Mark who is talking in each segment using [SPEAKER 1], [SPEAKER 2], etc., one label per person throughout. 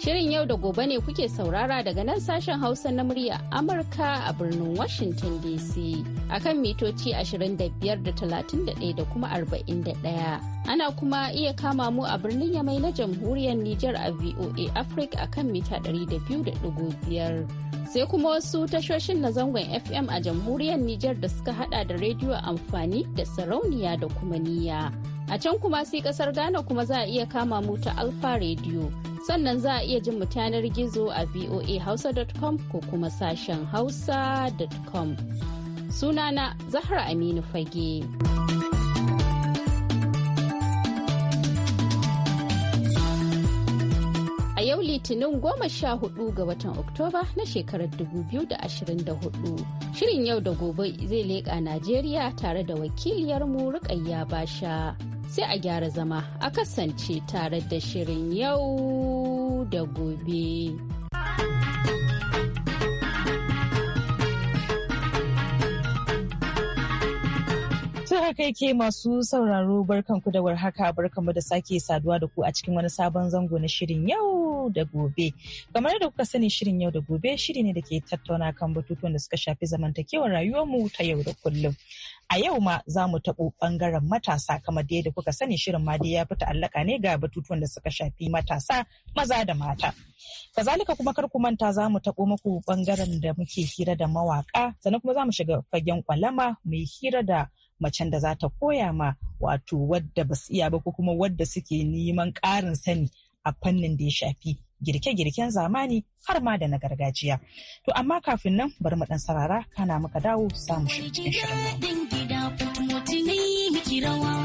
[SPEAKER 1] Shirin yau da gobe ne kuke saurara daga nan sashen Hausa na murya Amurka a birnin Washington DC akan mitoci 25 da 31 da kuma 41. Ana kuma iya kama mu a birnin Yamai na jamhuriyar Nijar a VOA Africa a kan mita 200.5. Sai kuma wasu tashoshin na zangon FM a jamhuriyar Nijar da suka hada da rediyo amfani da sarauniya da kuma niya. A can kuma sai kasar Ghana kuma za a iya kama mu ta Alfa rediyo Sannan za a iya jin mu gizo a voa voahausa.com ko kuma sashen hausa.com. Sunana Zahra Aminu Fage. litinin goma sha hudu ga watan oktoba na shekarar dubu biyu da da ashirin hudu, shirin yau da gobe zai leƙa najeriya tare da wakiliyarmu rukayya basha sai a gyara zama a kasance tare da shirin yau da gobe.
[SPEAKER 2] Batun haka yake masu sauraro barkan ku da warhaka mu da sake saduwa da ku a cikin wani sabon zango na shirin yau da gobe. Kamar da kuka sani shirin yau da gobe shiri ne da ke tattauna kan batutuwan da suka shafi zamantakewar rayuwarmu ta yau da kullum. A yau ma za mu taɓo ɓangaren matasa kamar da yadda kuka sani shirin ma ya fi ta'allaka ne ga batutuwan da suka shafi matasa maza da mata. Kazalika kuma kar ku manta za mu taɓo muku ɓangaren da muke hira da mawaƙa sannan kuma za mu shiga fagen kwalama mai hira da macen da za ta koya ma wato wadda ba su iya ba ko kuma wadda suke neman ƙarin sani a fannin da ya shafi girke-girken zamani har ma da na gargajiya. To amma kafin nan bari mu ɗan sarara kana muka dawo samu
[SPEAKER 3] shi cikin shirin. rawa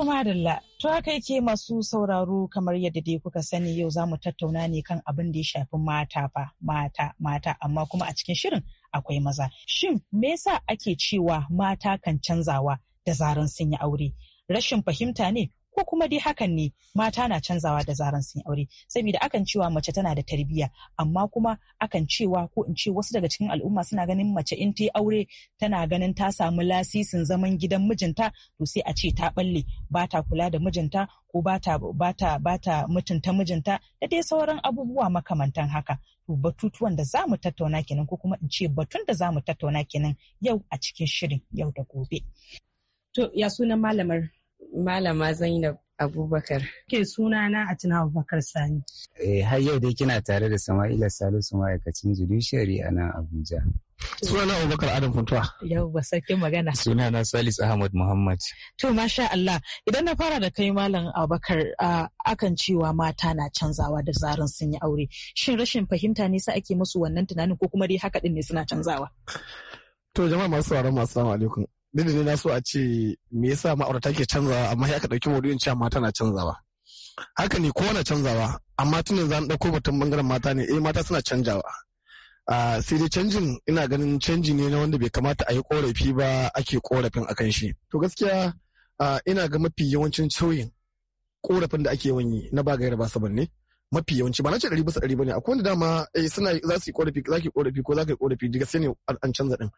[SPEAKER 2] To madalla, to haka yake masu sauraro kamar yadda dai kuka sani yau za mu tattauna ne kan abin da ya shafi mata fa mata mata amma kuma a cikin shirin akwai maza. Shin me yasa ake cewa mata kan canzawa da zaran sun yi aure? Rashin fahimta ne ko kuma dai hakan ne mata na canzawa da zaran sun aure saboda akan cewa mace tana da tarbiyya amma kuma akan cewa ko in ce wasu daga cikin al'umma suna ganin mace in ta aure tana ganin ta samu lasisin zaman gidan mijinta to sai a ce ta balle ba ta kula da mijinta ko ba ta mutunta mijinta da dai sauran abubuwa makamantan haka to batutuwan da zamu tattauna kenan ko kuma in ce batun da zamu tattauna kenan yau a cikin shirin yau da gobe.
[SPEAKER 4] To ya sunan malamar Malama Zainab Abubakar. Ke sunana tuna Abubakar Sani.
[SPEAKER 5] Eh, har yau dai kina tare da Sama'ila Salisu ma'aikacin judiciary
[SPEAKER 6] a nan Abuja. na Abubakar Adam Kuntuwa.
[SPEAKER 2] Yau ba sarkin magana.
[SPEAKER 6] Suna na Salis Ahmad Muhammad.
[SPEAKER 2] To masha Allah idan na fara da kai Malam Abubakar akan cewa mata na canzawa da zarin sun yi aure. Shin rashin fahimta ne sa ake musu wannan tunanin ko kuma dai haka din ne suna canzawa?
[SPEAKER 7] To jama'a masu sauraron masu alaikum. duk ne na so a ce me yasa ma'aurata ke canzawa amma ya ka ɗauki maudu'in cewa mata na canzawa haka ne ko na canzawa amma tunan za mu ɗauko batun bangaren mata ne eh mata suna canjawa a sai dai canjin ina ganin canji ne na wanda bai kamata a yi korafi ba ake korafin a kan shi to gaskiya ina ga mafi yawancin sauyin korafin da ake yawan yi na ba gaira ba sabon ne mafi yawanci ba na ce ɗari bisa ɗari bane akwai wanda dama eh suna za su yi korafi za ki korafi ko za ka yi korafi daga sai ne an canza din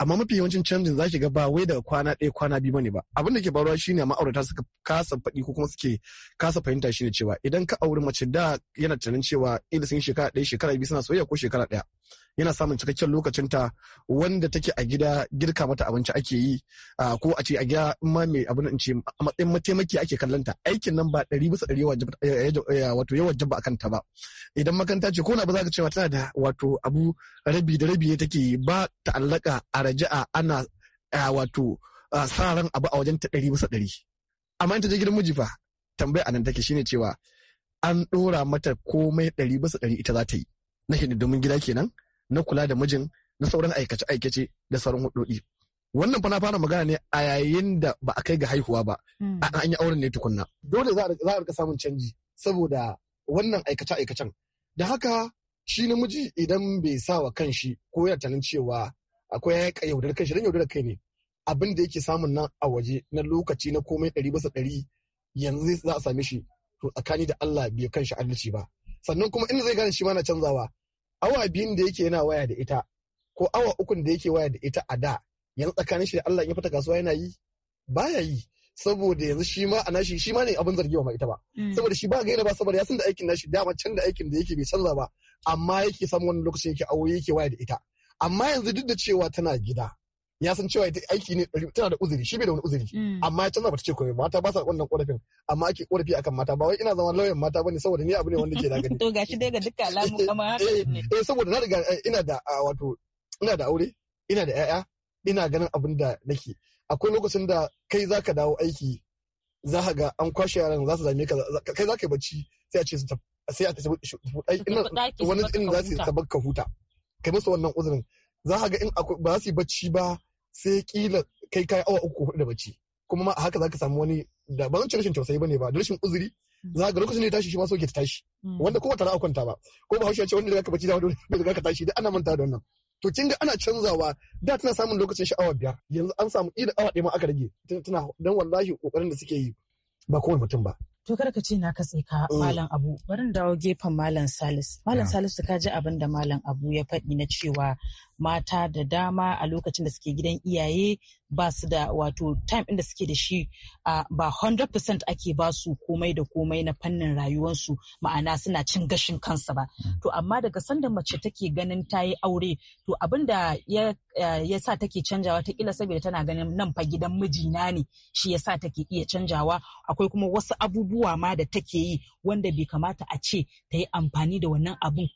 [SPEAKER 7] amma mafi yawancin canjin za ki ga ba wai daga kwana ɗaya kwana biyu bane ba abin da ke faruwa ne ma'aurata suka kasa faɗi ko kuma suke kasa fahimta shi ne cewa idan ka auri mace da yana tunanin cewa idan sun shekara ɗaya shekara biyu suna soyayya ko shekara ɗaya yana samun cikakken lokacinta wanda take a gida girka mata abinci ake yi ko a ce a gida in ma mai abin in ce a matsayin mataimaki ake kallonta aikin nan ba ɗari bisa ɗari wato yawan jaba a kanta ba idan makaranta ce ko na ba za ka cewa tana da wato abu rabi da rabi take ba ta'allaka a raja'a ana wato sa ran abu a wajen ta ɗari bisa ɗari amma in ta je gidan miji fa tambaya a nan take shine cewa an ɗora mata komai ɗari bisa ɗari ita za ta yi na domin gida kenan na kula da mijin na sauran aikace-aikace da sauran hudodi. Wannan fa na fara magana ne a yayin da ba a kai ga haihuwa ba, hmm. a an yi auren ne tukunna. Dole za a rika samun canji saboda wannan aikace-aikacen. Da haka shi namiji idan bai sa wa kanshi ko ya tanin cewa akwai ya yaudar kanshi dan yaudar kai ne. Abin da yake samun nan a waje na lokaci na komai ɗari bisa ɗari yanzu za a same shi to tsakani da Allah bai kanshi adalci ba. Sannan kuma in zai gane shi ma na canzawa awa biyun da yake yana waya da ita ko awa ukun da yake waya da ita a da yanzu tsakanin shi da Allah in ya fita kasuwa yana yi baya yi saboda yanzu shi ma a nashi shi ma ne abin zargewa ma ita ba mm. saboda shi ba gaira ba saboda ya san da aikin nashi dama can da aikin da yake bai canza ba amma yake samu wani lokaci yake aure yake waya da ita amma yanzu duk da cewa tana gida ya san cewa ita aiki ne tana da uzuri shi bai da wani uzuri mm. amma ya canza bata ce komai mata ba sa wannan korafin amma ake korafi akan mata ba wai ina zama lauyan mata bane saboda ni abu ne wanda ke da gani
[SPEAKER 2] to gashi dai ga dukkan alamu eh,
[SPEAKER 7] kuma haka eh, ne eh saboda na riga eh, ina da wato ina da aure ina da ƴaƴa ina ganin abin da nake akwai lokacin da kai zaka dawo aiki za ka ga an kwashe yaran za su zame ka kai za ka yi bacci sai a ce su ta, sai a tafi wani in za su tabar ka huta kai musu wannan uzurin za ka ga in ba za su yi bacci ba sai kila kai kai awa uku hudu da bacci kuma ma a haka zaka samu wani da ba zan ce rashin tausayi bane ba da rashin uzuri mm. za ga lokacin da ya tashi shi ma ke ta tashi mm. wanda kowa wata ra'a kwanta ba ko ba haushi ya ce wanda zaka bacci da wanda daga ka tashi da ana manta da wannan to kin kinga ana canzawa da tana samun lokacin sha'awa biyar yanzu an samu ila awa ɗaya ma aka rage tana dan wallahi kokarin da suke yi ba kowane mutum ba
[SPEAKER 2] To kar ka ce na katse ka mm. Malam Abu. Bari in dawo gefen Malam Salisu. Malam Salisu ka ji abin da Malam Abu ya faɗi na cewa mata da dama a lokacin da suke gidan iyaye ba su da wato time inda suke da shi ba 100% ake ba su komai da komai na fannin rayuwarsu ma'ana suna cin gashin kansa ba hmm. to amma daga sanda mace take ganin ta yi aure to abin da ya ya sa take canjawa ta kila saboda tana ganin nan fa gidan mijina ne shi ya sa take iya canjawa akwai kuma wasu abubuwa ma da take yi wanda bai kamata a ce ta yi amfani da wannan abun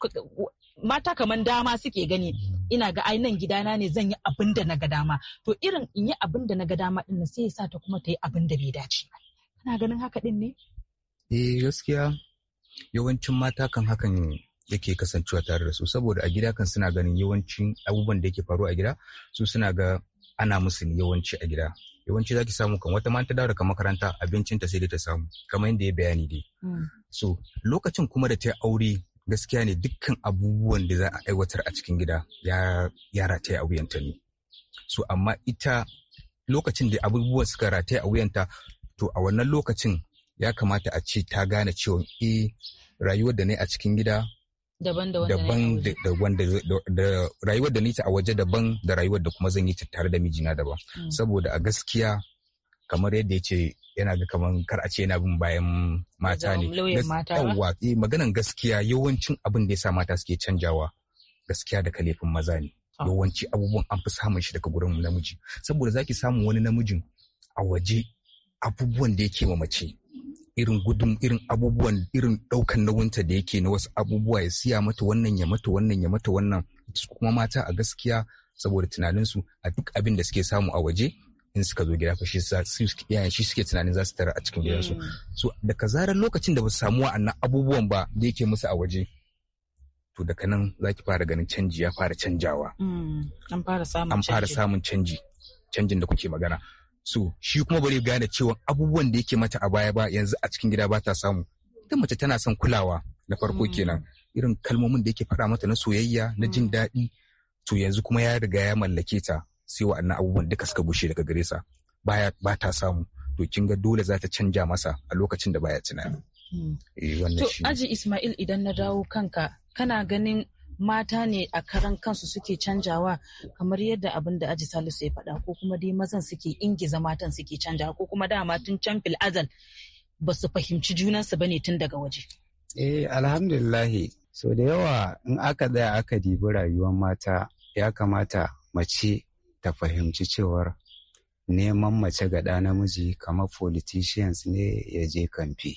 [SPEAKER 2] mata kaman dama suke gani ina ga ai nan gidana ne zan yi abin da na ga dama to irin in yi abin da na ga dama din sai ya sa ta kuma ta yi abin da bai dace ba kana ganin haka din ne
[SPEAKER 6] eh gaskiya yawancin mata kan hakan yake kasancewa tare da su saboda a gida kan suna ganin yawancin abubuwan da yake faru a gida su suna ga ana musu yawanci a gida yawanci zaki samu kan wata mata dawo daga makaranta abincinta sai da ta samu kamar yadda ya bayani dai mm. so lokacin kuma da ta aure gaskiya ne dukkan abubuwan da za a aiwatar a cikin gida ya rataya a wuyanta ne so amma ita lokacin da abubuwan suka rataya a wuyanta to a wannan lokacin ya kamata a ce ta gane cewa e rayuwar da ne a cikin gida
[SPEAKER 2] daban da
[SPEAKER 6] wanda da rayuwar da ni ta a waje daban da rayuwar da kuma zan yi ta tare da mijina daban mm. saboda a gaskiya kamar yadda ya ce yana ga kamar kar a ce yana bin bayan mata ne yawwa eh, maganan gaskiya yawancin abin da ya sa mata suke canjawa gaskiya daga laifin maza ne ah. yawanci abubuwan an fi samun shi daga gurin namiji saboda zaki samu wani namijin a waje abubuwan da yake wa mace irin gudun irin abubuwan irin ɗaukan nauyinta da yake na wasu abubuwa ya siya mata wannan ya mata wannan ya mata wannan kuma mata a gaskiya saboda tunaninsu a duk abin da suke samu a waje in suka zo gida fa shi shi suke tunanin za su tara a cikin gidansu mm. so daga zarar lokacin da ba su samu wa'annan abubuwan ba da yake musu a waje to daga nan za ki fara ganin canji ya fara canjawa
[SPEAKER 2] mm. an fara samun
[SPEAKER 6] canji canjin da kuke magana so shi kuma bari gane cewa abubuwan da yake mata a baya ba yanzu a cikin gida ba ta samu ita mace tana son kulawa na farko mm. kenan irin kalmomin da yake fara mata na soyayya na jin daɗi to yanzu kuma ya riga ya mallake ta sai wa'annan abubuwan duka suka gushe daga gare sa baya ba ta samu to kin ga dole za ta canja masa a lokacin da baya tunani hmm. eh,
[SPEAKER 2] to aji Ismail idan na dawo kanka kana ganin mata ne a karan kansu suke canjawa kamar yadda abin da aji salisu ya faɗa ko kuma dai mazan suke ingiza matan suke canjawa ko kuma dama tun can fil azal ba su fahimci junansu ba ne tun daga waje.
[SPEAKER 5] Eh alhamdulillahi so da yawa in aka tsaya aka dibi rayuwar mata ya kamata mace ta fahimci cewar neman mace ga ɗa namiji kamar politicians ne ya je kamfe.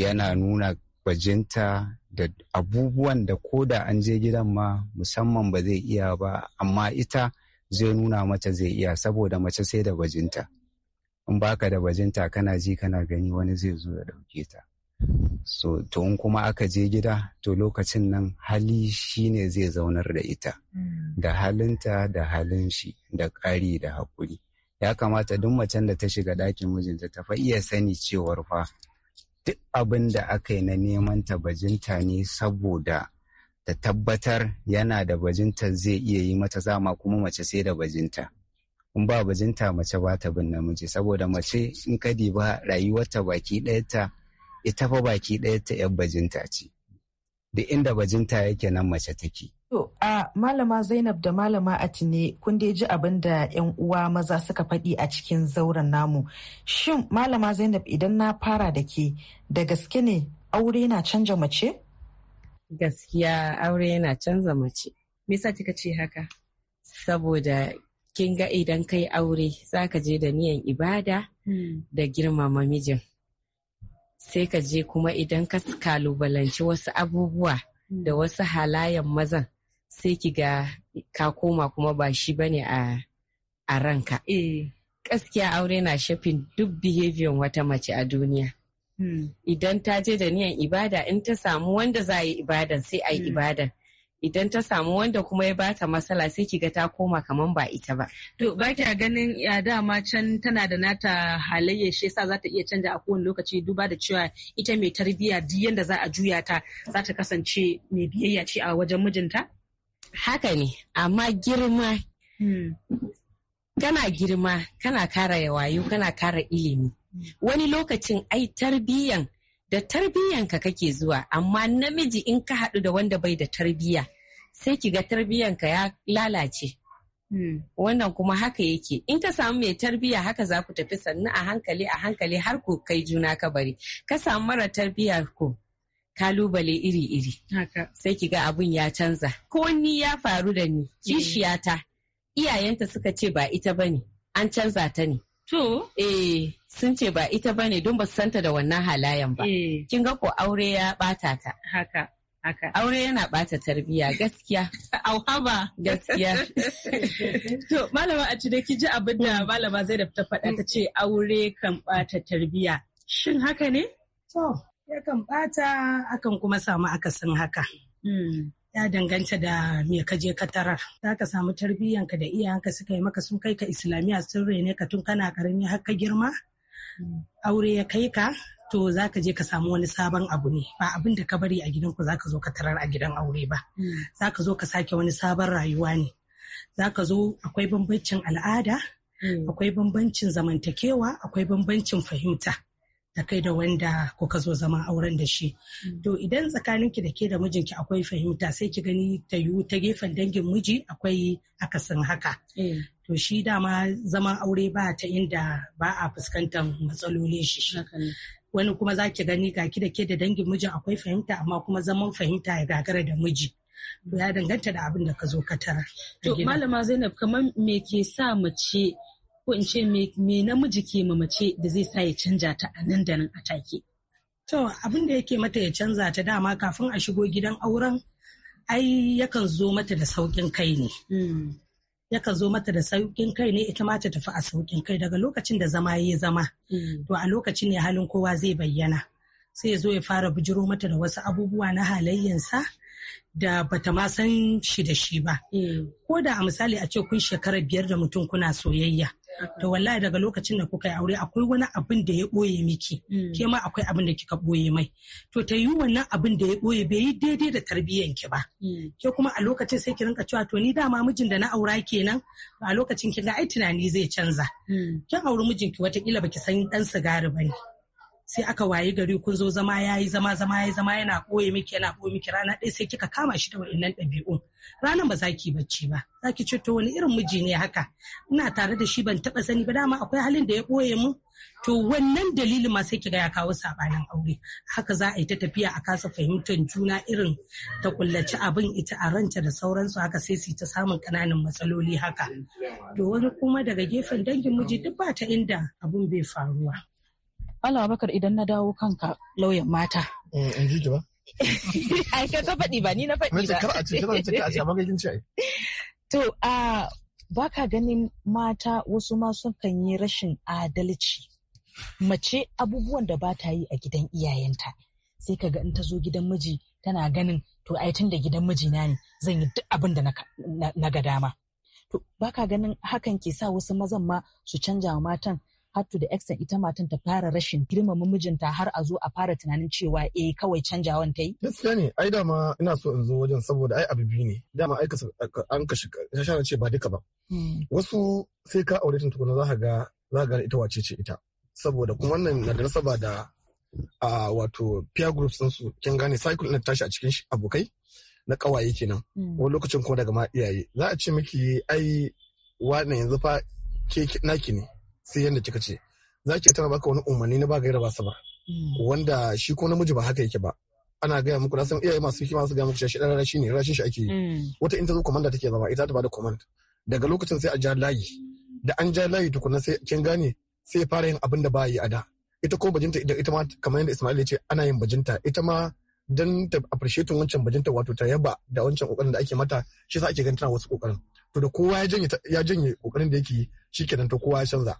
[SPEAKER 5] Yana nuna bajinta da abubuwan da ko da an je gidan ma musamman ba zai iya ba amma ita zai nuna mata zai iya saboda mace sai da bajinta. In baka da bajinta kana ji kana gani wani zai zo ya ɗauke ta. so to kuma aka je gida to lokacin nan hali shi ne zai zaunar da ita mm. da halinta da halin shi da ƙari da haƙuri ya kamata duk macen da ta shiga ɗakin mijinta ta fa iya sani cewar fa duk abin da aka yi na neman ta bajinta ne saboda ta tabbatar yana da bajinta zai iya yi mata zama kuma mace sai da bajinta in ba bajinta mace ba ta bin namiji saboda mace in ka diba rayuwarta baki ɗayarta ita fa baki ɗaya ta yan bajinta ce da inda bajinta yake nan mace take
[SPEAKER 2] To, a malama Zainab da malama Atine kun dai ji abin da 'yan uwa maza suka faɗi a cikin zauren namu. Shin malama Zainab idan na fara da ke da gaske ne
[SPEAKER 4] aure na canza mace? Gaskiya aure yana canza mace. Me yasa kika ce haka? Saboda kin ga idan kai aure zaka je da niyan ibada hmm. da girmama mijin. sai ka je kuma idan ka kalubalanci wasu abubuwa da wasu halayen mazan sai ki ga ka koma kuma ba shi bane a a ranka eh. gaskiya aure na shafin duk behavior wata mace a duniya hmm. idan ta je da niyan ibada in ta samu wanda za a yi ibadan sai a yi hmm. ibadan idan ta samu wanda kuma ya bata matsala sai kiga ta koma kaman ba ita ba. To ba kya ganin ya dama can tana
[SPEAKER 2] da nata halayya shi yasa za ta iya canja a kowane lokaci duba da cewa ita mai tarbiyya duk yanda za a juya ta za ta kasance mai biyayya ce a wajen mijinta? Haka
[SPEAKER 4] ne amma girma hmm. kana girma kana kara wayo kana kara ilimi hmm. wani lokacin ai tarbiyyan da tarbiyyanka kake zuwa amma namiji in ka haɗu da wanda bai da tarbiyya sai ki ga tarbiyyanka ya lalace hmm. Wannan kuma haka yake, in ka samu mai tarbiyya haka za ku tafi sannu a hankali a hankali har ku kai juna ka bari. Ka samu mara tarbiyya ku kalubale iri-iri. Sai ki ga abun ya canza. Ko ni ya faru da ni, hmm. kishiyata, iyayenta suka ce ba ita bane an canza ta ne. To. Eh, sun ce ba ita bane don ba santa da wannan halayen ba. Eh. Kin ga ko aure ya bata ta. Haka. Haka. Aure yana bata tarbiya gaskiya. Auhaba. Gaskiya. to malama a da ki ji abin da mm. malama zai da ta faɗa
[SPEAKER 2] ta ce aure kan bata tarbiya. Shin haka ne? To, yakan bata akan kuma samu akasin haka. Mm. ya danganta da me ka je ka tarar za ka samu tarbiyyanka da iyayenka suka yi maka sun kai ka islamiyya sun rene ka tun kana karami har ka girma aure ya kai ka to za ka je ka samu wani sabon abu ne ba abin da ka bari a gidanku za ka zo ka tarar a gidan aure ba za ka zo ka sake wani sabon rayuwa ne za ka zo akwai bambancin al'ada hmm. akwai bambancin zamantakewa akwai bambancin fahimta da kai da wanda kuka zo zama auren da shi. Mm. To idan tsakaninki da ke da mijinki akwai fahimta sai ki gani ta yi ta gefen dangin miji akwai akasin haka. Eh. To shi dama zaman aure ba ta inda ba a fuskantar matsalolin shi. Wani kuma za ki gani ga ki da ke da dangin miji akwai fahimta amma kuma zaman fahimta ya gagara da miji. ya danganta da abin da ka zo ka tara. To malama Zainab kamar me ke sa mace ko in ce me namiji ke mamace mace da zai sa ya canja ta a nan da nan a take. To abin da yake mata ya canza ta dama kafin a shigo gidan auren ai yakan zo mata da sauƙin kai ne. Hmm. Yakan zo mata da sauƙin kai ne ita ma ta tafi a sauƙin kai daga lokacin da zama ya zama. Hmm. To a lokacin ne halin kowa zai bayyana. Sai ya zo ya fara bijiro mata da wasu abubuwa na halayyansa. da bata ma san shi da shi ba. Hmm. Ko da a misali a ce kun shekara biyar da mutum kuna soyayya. to wallahi daga lokacin da kuka yi aure akwai wani abin da ya ɓoye miki mm. ke ma akwai abin da kika ɓoye mai to ta yi wannan abin da ya ɓoye bai yi daidai da tarbiyyan ki ba mm. ke kuma a lokacin sai ki rinka cewa to ni dama mijin da na aura kenan a lokacin kin ga ai tunani zai canza mm. kin auri mijinki watakila baki san dan sigari bane sai aka wayi gari kun zo zama ya yi zama zama ya yi zama yana ɓoye miki yana ɓoye miki rana ɗaya sai kika kama shi da wa'innan ɗabi'un ranar ba za ki bacci ba za ki ce to wani irin miji ne haka ina tare da shi ban taɓa sani ba dama akwai halin da ya ɓoye mu to wannan dalilin ma sai kiga ya kawo saɓanin aure haka za a yi ta tafiya a kasa fahimtar juna irin ta kullaci abin ita a ranta da sauransu haka sai su ta samun kananan matsaloli haka to wani kuma daga gefen dangin miji duk ba ta inda abin bai faruwa Allah bakar idan na dawo kanka lauyan mata. ba? ka To a baka ganin mata wasu ma sun kan yi rashin adalci. Mace abubuwan da ba ta yi a gidan iyayenta. Sai ka ga in ta zo gidan miji tana ganin to ai tun da gidan mijina ne zan yi duk abin da na ga dama. To baka ganin hakan ke sa wasu mazan ma su canja wa matan har to da extent ita matan ta fara rashin girmama mijinta har a zo a fara tunanin cewa eh kawai
[SPEAKER 7] canjawan ta yi. Gaskiya ne ai dama ina so in zo wajen saboda ai abu biyu ne dama ai an kashi shashana ce ba duka ba. Hmm. Wasu sai ka aure tun tukuna za ka ga za ita wace ce ita saboda kuma wannan na da nasaba da a wato peer groups din su kin gane cycle ina tashi a cikin abokai na kawaye kenan hmm. wani lokacin ko daga ma iyaye za a ce miki ai wannan yanzu fa ke naki ne sai yadda kika ce za ki tana baka wani umarni na ba gaira ba
[SPEAKER 3] mm.
[SPEAKER 7] wanda shi ko namiji ba haka yake ba ana gaya muku na san iyaye masu hikima su gaya muku shi dan rashi ne rashin shi ake yi mm. wata in ta zo komanda take zama ita ta bada command daga lokacin sai a ja layi da an ja layi tukuna sai kin gane sai fara yin abin da ba yi a da ita ko bajinta idan ita ma kamar yadda Ismail ya ce ana yin bajinta ita ma dan ta appreciate wancan bajinta wato ta yaba da wancan kokarin da ake mata shi sa ake ganin tana wasu kokarin to da kowa ya janye ya janye kokarin da yake yi shikenan to kowa ya canza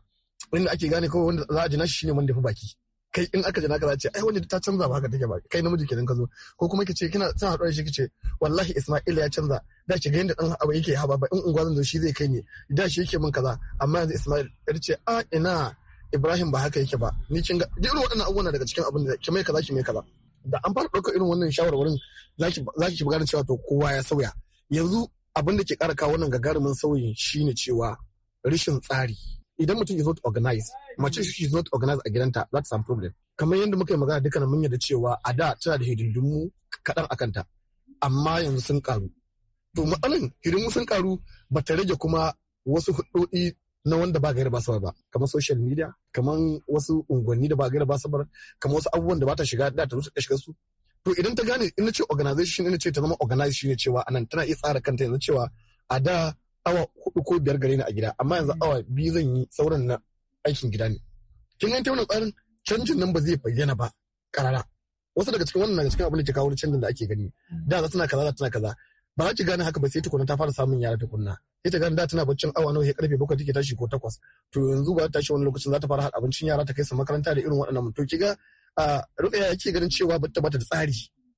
[SPEAKER 7] wanda ake gane kawai wanda za a ji nashi shine wanda fi baki kai in aka ji naka za a ce ai wanda ta canza ba haka take ba kai namiji kenan ka zo ko kuma kace kina haɗu da shi kace wallahi Isma'il ya canza da shi ga yanda dan abu yake haba ba in unguwa zan zo shi zai kai ne da shi yake min kaza amma yanzu Isma'il ya ce a ina Ibrahim ba haka yake ba ni kin ga duk waɗannan abubuwan daga cikin abin da ki mai kaza ki mai kaza da an fara ɗaukar irin wannan shawarwarin za ki ga cewa to kowa ya sauya yanzu abin da ke ƙara kawo wannan gagarumin sauyin shine cewa rashin tsari idan mutum is not organized mace shi is not organized a gidanta that's some problem kamar yadda muka yi magana dukkan mun yadda cewa a da tana da hidindimu kaɗan a kanta amma yanzu sun karu to matsalan hidindimu sun karu ba ta rage kuma wasu hudodi na wanda ba gaira ba sabar ba kamar social media kamar wasu unguwanni da ba gaira ba sabar kamar wasu abubuwan da ba ta shiga da ta rusa shiga su to idan ta gane ina ce organization ina ce ta zama organized shine cewa anan tana iya tsara kanta yanzu cewa a da awa hudu ko biyar gare ni a gida amma yanzu hmm. awa biyu zan yi sauran na aikin gida ne kin ganta wannan tsarin canjin nan ba zai bayyana ba karara wasu daga cikin wannan daga cikin abin da ke kawo canjin da ake gani hmm. da za tana kaza za tana kaza ba za ki gane haka ba sai tukuna ta fara samun yara tukunna sai ta gane da tana baccin awa nawa ya karfe bakwai take tashi ko takwas to yanzu ba ta tashi wani lokacin za ta fara haɗa abincin yara ta kai su makaranta da irin waɗannan mutum kiga a ruɗaya yake ganin cewa ba ta bata da tsari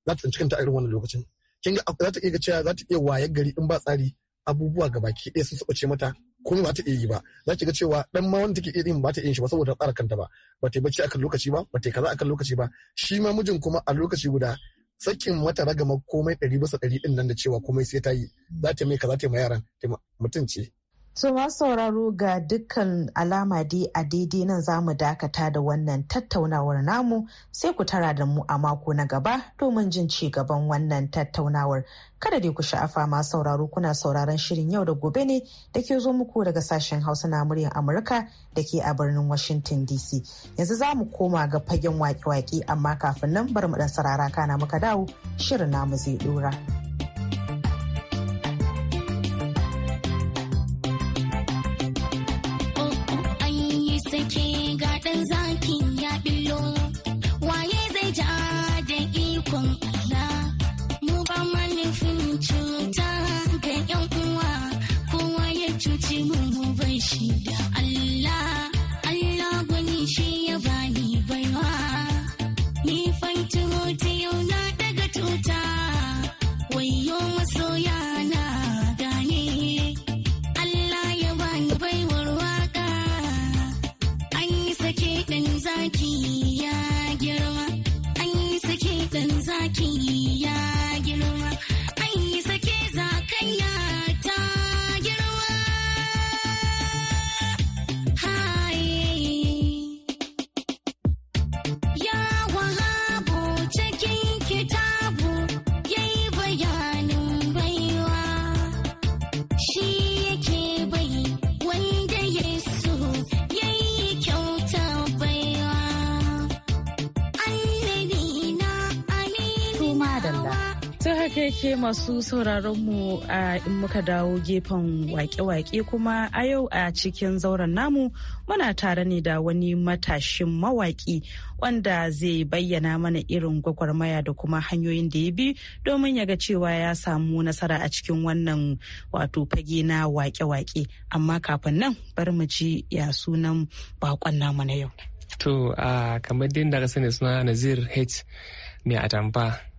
[SPEAKER 7] za ta tsinci kanta a irin wannan lokacin kinga za ta iya cewa za ta iya wayar gari in ba tsari abubuwa ga baki ɗaya sun ce mata ko ba ta iya yi ba za ki ga cewa dan ma wanda take iya yin ba ta yin shi ba saboda tsara kanta ba ba ta bacci akan lokaci ba ba ta kaza akan lokaci ba shi ma mijin kuma a lokaci guda sakin mata ragama komai ɗari bisa ɗari ɗin nan da cewa komai sai ta yi za ta mai kaza ta ma yaran mutum ce
[SPEAKER 2] To ma sauraro ga dukkan alama dai a daidai nan za mu dakata da wannan tattaunawar namu sai ku tara da mu a mako na gaba domin jin ci gaban wannan tattaunawar. Kada dai ku sha'afa ma sauraro kuna sauraron shirin yau da gobe ne da ke zo muku daga sashen Hausa na muryar Amurka da ke a birnin Washington DC. Yanzu za mu koma ga fagen waƙe-waƙe amma kafin nan bar mu ɗan sarara kana muka dawo shirin namu zai ɗora. ke masu sauraron mu in muka dawo gefen wake-wake kuma a yau a cikin zauren namu muna tare ne da wani matashin mawaki wanda zai bayyana mana irin gwagwarmaya da kuma hanyoyin da ya bi domin ya ga cewa ya samu nasara a cikin wannan wato fage na wake-wake amma kafin nan bari mu ji ya sunan bakon
[SPEAKER 8] namu na yau. To, kamar din da sani suna Nazir H. mai atamfa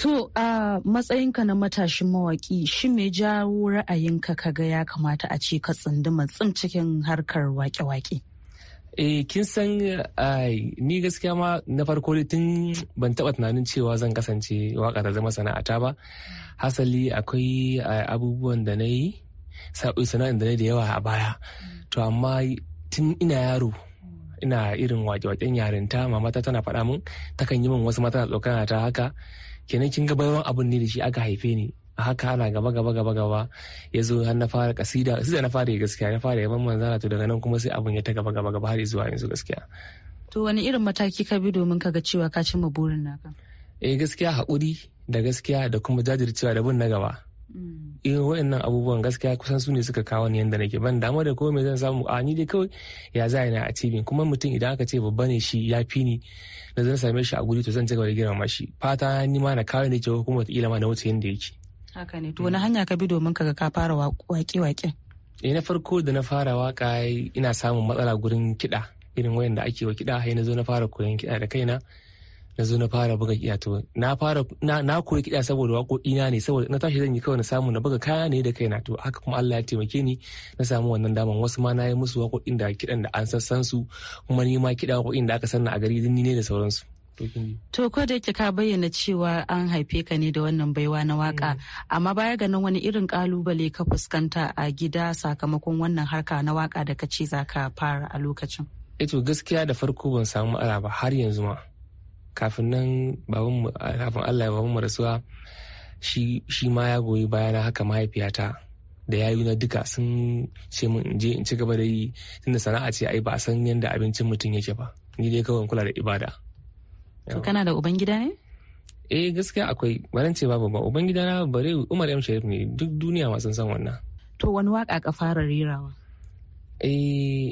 [SPEAKER 2] To a matsayinka na matashin mawaki shi mai jawo ra'ayinka kaga ya kamata a ce ka tsunduma tsim cikin harkar wake-wake?
[SPEAKER 8] Eh kin san ni gaskiya ma na farko tun ban taɓa tunanin cewa zan kasance waka da zama sana'ata ba. Hasali akwai abubuwan da na yi sana'in da na da yawa a baya. To amma tun ina yaro ina irin wake-waken yarinta mamata tana faɗa min takan yi min wasu mata tsokana ta haka kenan kin ga bayan abun ne da shi aka haife ni haka ana gaba gaba gaba gaba ya zo har na fara kasida da na fara gaskiya na fara yaban manzara to daga nan kuma sai abun ya ta gaba gaba gaba har zuwa yanzu gaskiya
[SPEAKER 2] to wani irin mataki ka bi domin ka ga cewa ka cimma burin naka
[SPEAKER 8] eh gaskiya hakuri da gaskiya da kuma jajircewa da bin na gaba irin wa'annan abubuwan gaskiya kusan su ne suka kawo ni yanda nake ban damar da komai zan samu a ni dai kawai ya za na a cibin kuma mutum idan aka ce babba ne shi ya fi ni da zan same shi a guri to zan ci gaba da girma shi fata ni ma na kawo ne ke kuma wata ma na wuce yanda yake
[SPEAKER 2] haka ne to wani
[SPEAKER 8] hanya ka bi domin kaga ka fara waƙe waƙe eh na farko da na fara waƙa, ina samun matsala gurin kiɗa irin wayan da ake wa kiɗa hai na zo na fara koyon kiɗa da kaina na zo na fara buga kiɗa to na fara na koyi kiɗa saboda waƙoƙi na ne saboda na tashi zan yi kawai na samu na buga kaya ne da kaina to haka kuma Allah ya taimake ni na samu wannan daman wasu ma na yi musu waƙoƙin da kiɗan da an sassan su kuma ni ma kiɗa waƙoƙin da aka sanna a gari dinni ne da sauransu.
[SPEAKER 2] To ko da yake ka bayyana cewa an haife ka ne da wannan baiwa na waka mm. amma baya ga nan wani irin kalubale ka fuskanta a gida sakamakon wannan harka na waka da ka ce za ka fara a lokacin.
[SPEAKER 8] Eto eh gaskiya da farko ban samu ara ba har yanzu ma. kafin nan babanmu kafin Allah ya babanmu rasuwa shi ma ya goyi bayana haka mahaifiyata da ya yi na duka sun ce min in je in ci gaba da yi tunda sana'a ce ai ba a san yadda abincin mutum yake ba ni dai kawai kula da ibada to kana da ubangida ne eh gaskiya akwai baran ce babu ba ubangida na bare Umar M Sharif ne duk duniya ma sun san wannan
[SPEAKER 2] to wani waka ka fara rerawa
[SPEAKER 8] eh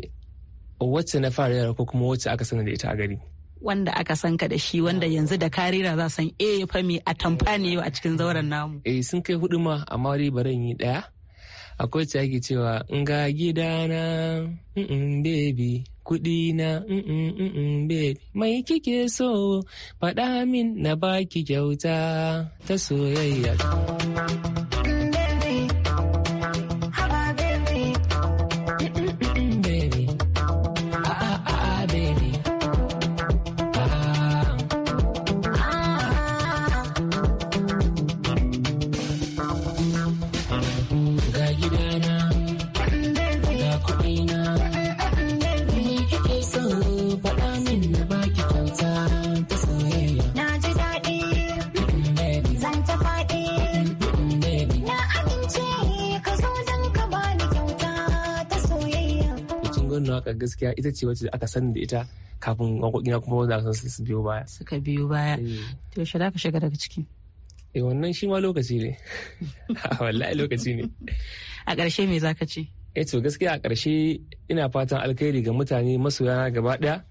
[SPEAKER 8] wacce na fara rerawa ko kuma wacce aka sanar da ita a gari wanda aka san ka da shi wanda yanzu da karira za san eh fa mi a tamfa ne a cikin zauren namu eh sun kai hudu ma amma wani baran yi daya akwai ta yake cewa ga gidana mm baby kuɗi na baby mai kike so faɗa min na baki kyauta ta soyayya waka gaskiya ita ce wacce aka sani da ita kafin waƙoƙina kuma wanda aka sani su biyo baya. Suka biyo baya. Eh. To shi ka shiga daga ciki. Eh wannan shi ma lokaci ne. Ah, wallahi lokaci ne. A ƙarshe me za ka ce? Eh to gaskiya a ƙarshe ina fatan alkhairi ga mutane masoya gaba ɗaya.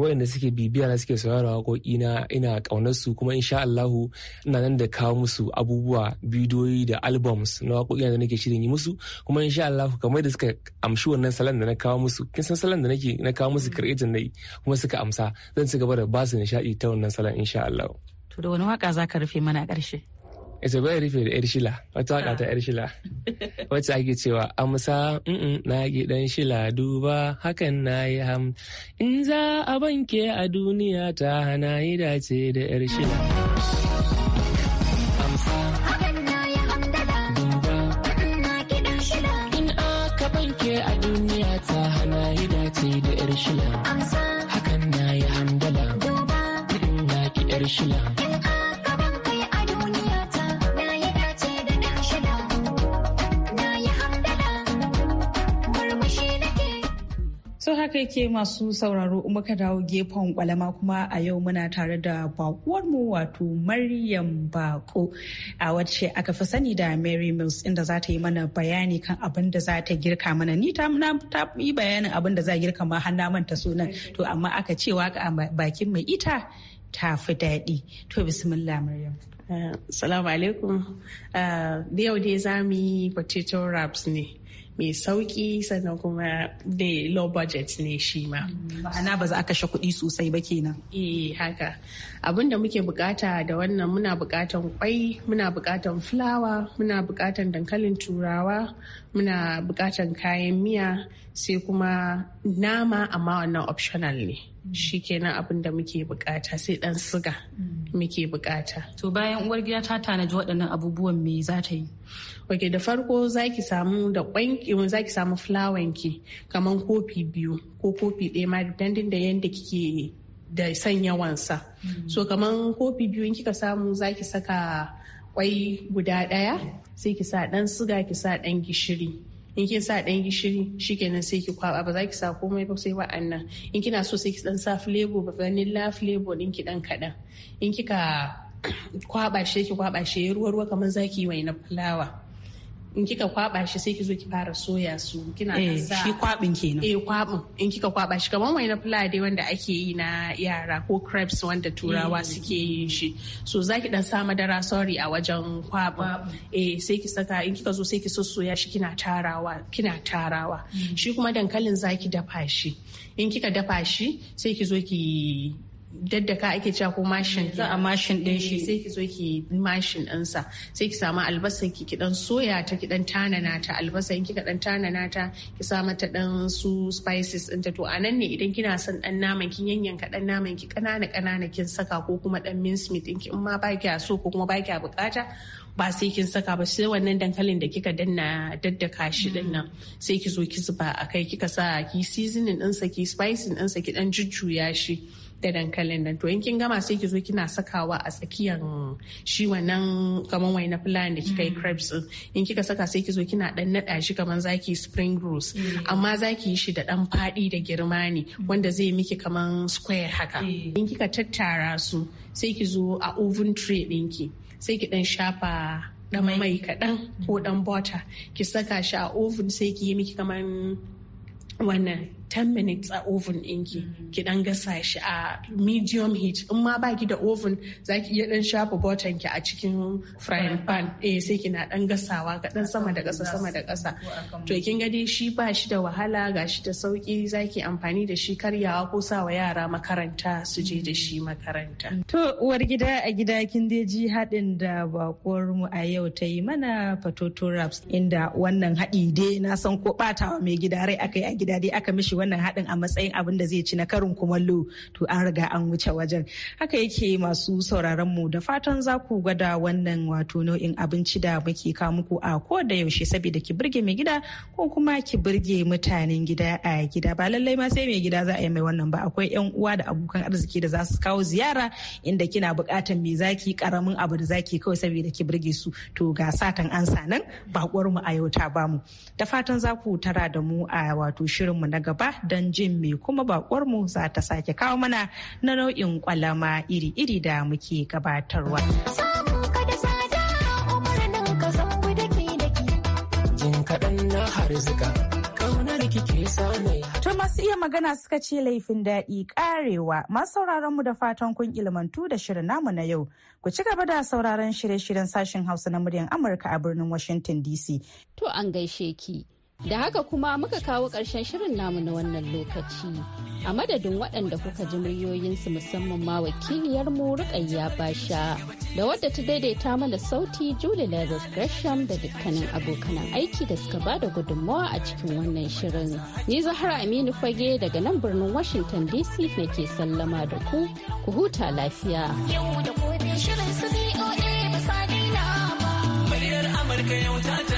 [SPEAKER 8] waɗanda suke bibiya na suke saurara waƙoƙi na ina ƙaunar su kuma insha Allahu ina nan da kawo musu abubuwa bidiyoyi da albums na waƙoƙi da nake shirin yi musu kuma insha Allahu kamar da suka amshi wannan salon da na kawo musu kin san salon da nake na kawo musu mm. creating nayi kuma suka amsa zan ci gaba da basu su nishaɗi ta wannan salon insha Allahu
[SPEAKER 2] to da wani waka zaka rufe mana ƙarshe
[SPEAKER 8] ita bai rufe da yar shila wata waka ta yar ah. shila wacce ake cewa amsa na gidan shila duba hakan na yi ham in za a banke a duniya ta hana yi dace da yar shila amsa
[SPEAKER 2] haka masu sauraro muka dawo gefen kwalama kuma a yau muna tare da mu wato Maryam Bako a wacce aka fi sani da Mary Mills inda za ta yi mana bayani kan abin da za ta girka mana ni ta yi bayanin abin da za girka ma har manta sunan to amma aka ce waka a bakin mai ita ta fi daɗi to bismillah Maryam Assalamu eh, alaikum. Eh, da yau dai za mu yi potato
[SPEAKER 9] wraps ne. mai sauki sannan kuma da low budget ne shi ma. Mm,
[SPEAKER 2] ma'ana ba za a kashe kuɗi sosai ba kenan.
[SPEAKER 9] Eh haka. Abin da muke bukata da wannan muna bukatan kwai, muna bukatan fulawa, muna bukatan dankalin turawa, muna bukatan kayan miya, sai kuma nama amma wannan optional ne. Mm. Shi kenan abin da muke bukata sai dan siga mm. muke bukata. To bayan uwar gida ta tanaji waɗannan abubuwan me za ta yi? ok da farko za ki samu da kwanki ki samu fulawan ki kofi biyu ko kofi ɗaya ma dandin da yanda kike da son yawansa mm. so kaman kofi biyu in kika samu za ki saka kwai guda ɗaya sai ki sa ɗan siga ki sa ɗan gishiri in kin sa ɗan gishiri shikenan sai ki kwaba ba za ki sa komai ba sai wa'annan in kina so sai ki dan sa flavor ba vanilla flavor din ki ɗan kaɗan in kika kwaba shi ki kwaba shi ya ruwa ruwa kamar zaki yi na fulawa in kika kwaba shi sai ki zo ki fara soya su kina eh, sa shi kwabin kenan eh kwabin in kika kwaba shi kamar wani na fula wanda ake yi na yara ko crepes wanda turawa mm. suke yin shi so zaki dan sa madara sorry a wajen kwabin eh sai ki saka in kika zo sai ki soya shi kina tarawa kina tarawa mm. shi kuma dankalin zaki dafa shi in kika dafa shi sai ki zo ki daddaka ake cewa ko mashin za a mashin din shi eh, sai ki zo ki mashin ɗinsa sai ki samu albasan ki kiɗan soya ta kiɗan tana tanana ta albasa in kika dan tanana ta ki sa mata dan su spices din ta to anan ne idan kina son dan naman kin yanyanka dan naman ki kanana kanana kin saka ko kuma ɗan mince meat ki in ma ba kiya so ko kuma ba kiya bukata ba sai kin saka ba sai wannan dankalin da kika danna daddaka shi din nan sai ki zo ki zuba akai kika sa ki seasoning ɗinsa ki spicing ɗinsa ki dan jujjuya shi da dankalin nan to in kin gama sai ki zo kina sakawa a tsakiyan shi wannan kaman wai na fulani da kika yi mm. crepes in kika saka sai ki zo kina dan nada shi kaman zaki spring rolls mm. amma zaki yi shi da dan fadi da girma ne wanda zai miki kaman square haka mm. in kika tattara su sai ki zo a oven tray ɗinki sai ki dan shafa dan mai kaɗan ko dan butter ki saka shi a oven sai ki yi miki kaman wannan 10 minutes a oven inki ki dan gasa shi a medium heat in ma baki da oven za ki iya dan shafa button ki a cikin frying pan eh sai ki na dan gasawa ga dan sama da kasa sama da ƙasa to kin ga dai shi ba shi da wahala ga shi da sauki zaki ki amfani da shi karyawa ko sawa yara makaranta su je da shi makaranta
[SPEAKER 2] to uwar gida a gida kin dai ji haɗin da bakuwar mu a yau ta yi mana fatoto raps inda wannan hadi dai na san ko batawa mai gida rai aka a gida dai aka mishi wannan haɗin a matsayin abin da zai ci na karin kumallo to an riga an wuce wajen haka yake masu sauraron mu da fatan za ku gwada wannan wato nau'in abinci da muke kawo muku a ko da yaushe saboda ki burge mai gida ko kuma ki burge mutanen gida a gida ba lallai ma sai mai gida za a yi mai wannan ba akwai yan uwa da abokan arziki da za su kawo ziyara inda kina buƙatar me zaki karamin abu da zaki kawai saboda ki burge su to ga satan an sanan bakwar mu a yau ta bamu da fatan za ku tara da mu a wato shirinmu na gaba don jin me kuma mu za ta sake kawo mana na nau'in kwalama iri-iri da muke gabatarwa. To masu iya magana suka ce laifin daɗi ƙarewa masu sauraron mu da fatan kun ilmantu da shirin namu na yau. Ku ci gaba da sauraron shirye-shiryen sashen Hausa na muryar Amurka a birnin Washington DC. To an gaishe
[SPEAKER 1] ki. Da haka kuma muka kawo ƙarshen shirin namu na wannan lokaci. A madadin waɗanda kuka ji muryoyinsu musamman ma wakiliyar mu ya Basha da wadda ta daidaita mana sauti Julie Lazarus Gresham da dukkanin abokanan aiki da suka ba da gudunmawa a cikin wannan shirin. Ni Zahra Aminu Fage daga nan birnin Washington DC ke sallama da ku, ku huta lafiya.
[SPEAKER 3] Yau da shirin su ba Amurka yau ta